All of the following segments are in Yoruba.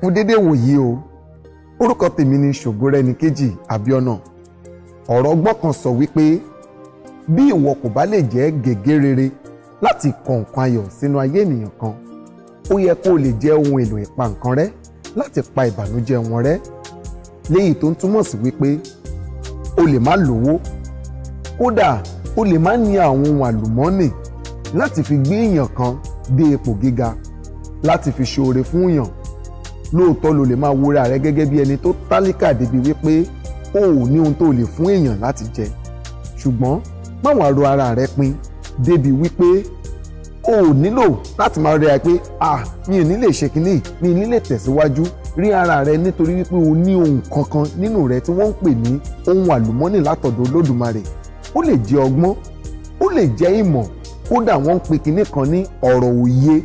kú dédé wòyí o orúkọ tèmi ni Ṣògorẹ́níkejì Abíọ́nà ọ̀rọ̀ ọgbọ́n kan sọ wípé bí ìwọ kò bá lè jẹ́ gègé rere láti kọ̀ǹkan ayọ̀ sínú ayé ènìyàn kan ó yẹ kó o lè jẹ́ ohun èlò ìpa nǹkan rẹ́ láti pa ìbànújẹ́ wọn rẹ́ léyìí tó ń túmọ̀ sí wípé o lè má lówó kódà o lè má ní àwọn ohun àlùmọ́ọ́nì láti fi gbé èèyàn kan dé ipò gíga láti fi ṣoore fún èèyàn lóòótọ́ ló lè máa wúra rẹ gẹ́gẹ́ bí ẹni tó tálíkà débi wípé o ò ní ohun tó lè fún èèyàn láti jẹ ṣùgbọ́n má wàá ro ara rẹ pin débi wípé o ò nílò láti máa rẹ pé ah mi ò ní lè ṣe kinní mi ò ní lè tẹ̀síwájú rí ara rẹ nítorí wípé o ní ohun kankan nínú rẹ tí wọ́n ń pè ní ohun àlùmọ́nì látọ̀dọ̀ olódùmarè ó lè jẹ́ ọgbọ́n ó lè jẹ́ ìmọ̀ kódà wọ́n ń pe kinní kan ní ọ̀rọ̀ òye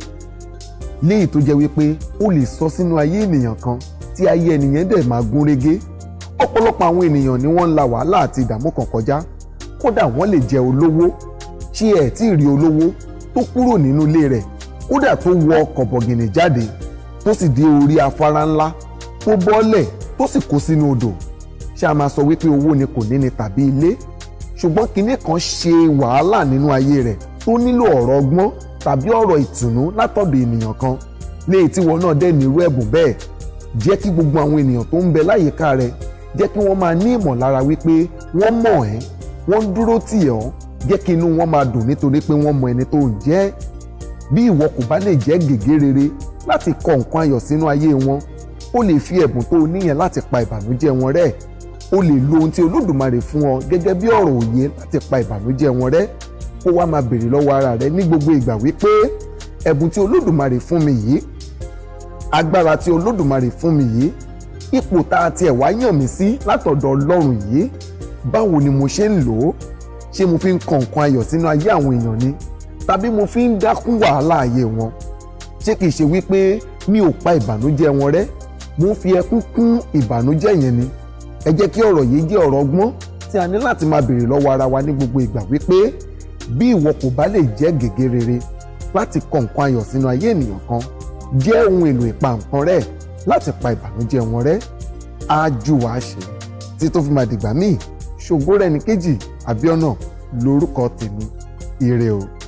léyìí tó jẹ́ wípé ó lè sọ sínú ayé ènìyàn kan tí ayé ènìyàn dẹ̀ máa gún régé ọ̀pọ̀lọpọ̀ àwọn ènìyàn ni wọ́n ń la wàhálà àti ìdààmú kan kọjá kódà wọ́n lè jẹ́ olówó ṣé ẹ̀ tí ì rí olówó tó kúrò nínú ilé rẹ̀ kódà tó wọ ọkọ̀ bọ̀gìnì jáde tó sì dé orí afárá ńlá tó bọ́lẹ̀ tó sì kó sínú odò ṣé a máa sọ wípé owó ni kò ní ni tàbí ilé ṣùgbọ́n kinní kan ṣe wàhálà nínú ayé rẹ̀ tó nílò ọ̀rọ̀ ọgbọ́n tàbí ọ̀rọ̀ ìtùnú látọ̀dọ̀ ènìyàn kan léyìí tí wọn náà dẹ̀ ní irú ẹ̀bùn bẹ́ẹ̀ jẹ́ kí gbogbo àwọn ènìyàn tó ń bẹ láyìíká rẹ jẹ́ kí wọ́n máa ní ìmọ̀lára wípé wọ́n mọ̀ ẹ́ wọ́n ń dúró tì ọ́ jẹ́ kí inú wọn máa dùn nítorí pé wọ́n mọ ẹni tó ń jẹ́ bí ìwọ kò bá lè jẹ́ gègé rere láti kọ nǹkan ayọ̀ sínú ayé wọn o lè fi ẹ̀bùn tó o níyẹn láti pa ìbànújẹ́ wọn rẹ́ o lè lo ohun tí Olódùmarè fún ọ gẹ́gẹ́ bí ọ̀rọ̀ òye láti pa ìbànújẹ́ wọn rẹ́ kó wá máa béèrè lọ́wọ́ ara rẹ ní gbogbo ìgbà wípé ẹ̀bùn tí olódùmarè fún mi yìí agbára tí olódùmarè fún mi yìí ipò tá a tiẹ̀ wá yàn mí sí látọ̀dọ̀ ọlọ́run yìí báwo ni mo ṣe ń lò ó ṣé mo fi ń kọ nǹkan ayọ̀ sínú ayé àwọn èèyàn ni tàbí mo fi ń dákún wàhálà ayé wọn ṣé kìí ṣe wípé mi ò pa ìbànújẹ́ wọn rẹ́ mo fi ẹkún kún ìbànújẹ́ yẹn ni ẹ jẹ́ kí ọ̀rọ̀ yìí jẹ́ ọ̀rọ̀ ọgbọ́n tí a ní láti máa béèrè lọ́wọ́ ara wa ní gbogbo ìgbà wípé bí ìwọ kò bá lè jẹ́ gègé rere láti kọ nǹkan ayọ̀ sínú ayé ènìyàn kan jẹ́ ohun èlò ìpa nǹkan rẹ̀ láti pa ìbànújẹ́ wọn rẹ́ á jù wá ṣe tí tó fi máa dìgbà míì ṣògo rẹ̀ ní kejì àbíọ́nà lórúkọ tèmi ire o.